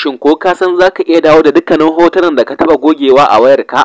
Shin ko ka san za ka iya dawo da dukkanin hotunan da ka taɓa gogewa a wayarka?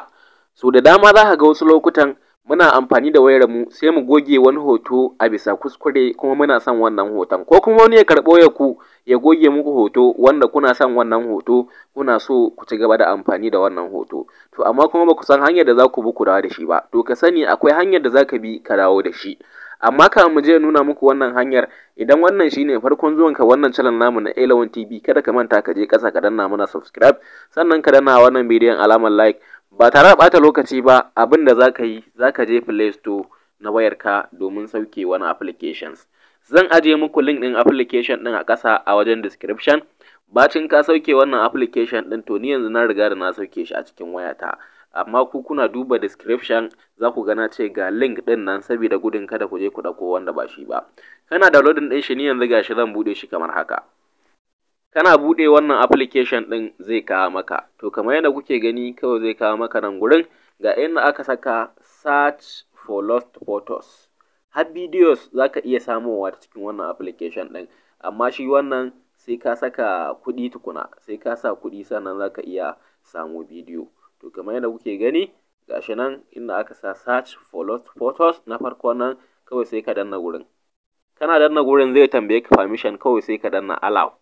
So da dama za ka ga wasu lokutan muna amfani da wayar mu sai mu goge wani hoto a bisa kuskure kuma muna son wannan hoton ko kuma wani ya karɓo ya ku ya goge muku hoto wanda kuna son wannan hoto kuna so ku ci gaba da amfani da wannan hoto to amma kuma ba ku san hanyar da za ku bi ku dawo da shi ba to ka sani akwai hanyar da za ka bi ka dawo da shi amma kafin mu je nuna muku wannan hanyar idan wannan shine farkon zuwan ka wannan channel namu na Eleven TV kada ka manta ka je ƙasa ka danna mana subscribe sannan ka danna wannan bidiyon alamar like ba tare da ɓata lokaci ba abin da za ka yi za ka je Play Store na wayarka domin sauke wani applications zan ajiye muku link ɗin application ɗin a ƙasa a wajen description bacin ka sauke wannan application ɗin to ni yanzu na riga da na sauke shi a cikin wayata amma ku kuna duba description za ku gana ce ga link din nan saboda gudun kada ku je ku ɗauko wanda ba shi ba kana downloading din shi ni yanzu gashi zan buɗe shi kamar haka kana buɗe wannan application ɗin zai kawo maka to kamar yadda kuke gani kawai zai kawo maka nan gurin ga inda aka saka search for lost photos har videos za ka iya samowa ta cikin wannan application ɗin amma shi wannan sai ka saka kuɗi tukuna sai ka sa kuɗi sannan za ka iya samu bidiyo to kamar yadda kuke gani gashi nan inda aka sa search for lost photos na farko nan kawai sai ka danna gurin kana danna gurin zai tambaye ka permission kawai sai ka danna allow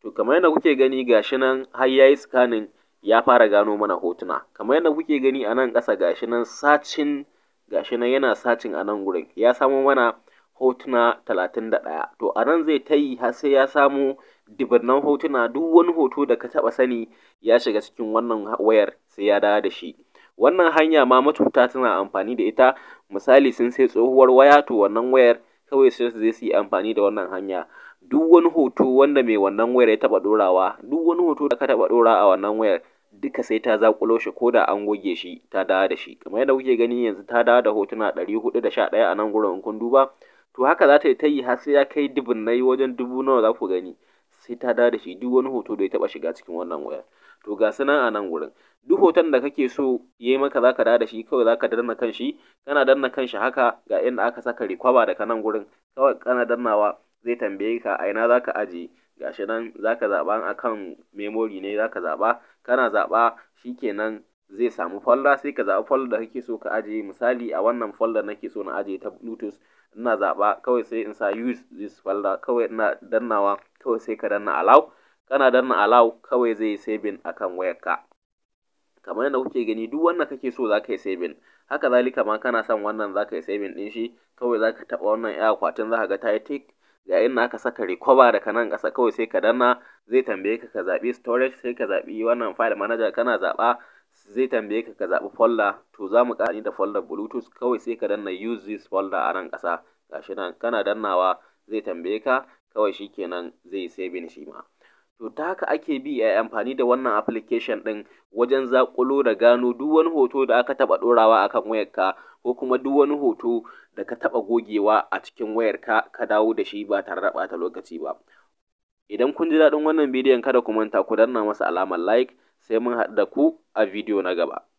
to kamar yadda kuke gani gashi nan har yayi scanning ya fara gano mana hotuna kamar yadda kuke gani a nan ƙasa gashi nan searching gashi nan yana searching a nan gurin ya samo mana hotuna talatin da ɗaya to a nan zai ta yi har sai ya samu dibirnan hotuna duk wani hoto da ka taɓa sani ya shiga cikin wannan wayar sai ya dawo da shi wannan hanya ma matuta tana amfani da ita misali sun sai tsohuwar waya to wannan wayar kawai sai zai su yi amfani da wannan hanya duk wani hoto wanda mai wannan wayar ya taɓa ɗorawa duk wani hoto da ka taɓa ɗora a wannan wayar duka sai ta zakulo shi ko da an goge shi ta dawo da shi kamar yadda kuke gani yanzu ta dawo da hotuna 411 a nan gurin in kun duba to haka za ta yi ta yi har sai ya kai yi wajen dubu nawa za ku gani sai ta da shi duk wani hoto da ya taba shiga cikin wannan wayar to ga su nan a nan wurin duk hoton da kake so yayi maka za zaka da shi kawai za ka danna kan shi kana danna kan shi haka ga inda aka saka rikwaba daga nan wurin kawai kana dannawa zai tambaye ka a ina ka aje gashi nan za zaka zaba akan memori ne za ka zaɓa kana shi shikenan zai samu folder sai ka zaɓi folder da kake so ka ajiye misali a wannan folder nake so na ajiye ta bluetooth ina zaɓa kawai sai in sa use this folder kawai ina dannawa kawai sai ka danna allow kana danna allow kawai zai saving akan wayarka kamar yadda kuke gani duk wannan kake so za ka yi saving haka zalika ma kana son wannan za ka yi saving din shi kawai za ka taɓa wannan ya akwatin za ka ga ta yi tick ga inda aka saka recover daga nan ƙasa kawai sai ka danna zai tambaye ka ka zaɓi storage sai ka zaɓi wannan file manager kana zaɓa zai tambaye ka ka zaɓi folder to za mu ƙara da folder bluetooth kawai sai ka danna use this folder a nan ƙasa gashi nan kana dannawa zai tambaye ka kawai shikenan zai saving shi ma to ta haka ake bi a amfani da wannan application ɗin wajen zaƙulo da gano duk wani hoto da aka taɓa ɗorawa a akan wayarka ko kuma duk wani hoto da ka taɓa gogewa a cikin wayarka ka dawo da shi ba tare da ɓata lokaci ba idan kun ji daɗin wannan bidiyon kada ku manta ku danna masa alamar like sai mun haɗu da ku a bidiyo na gaba.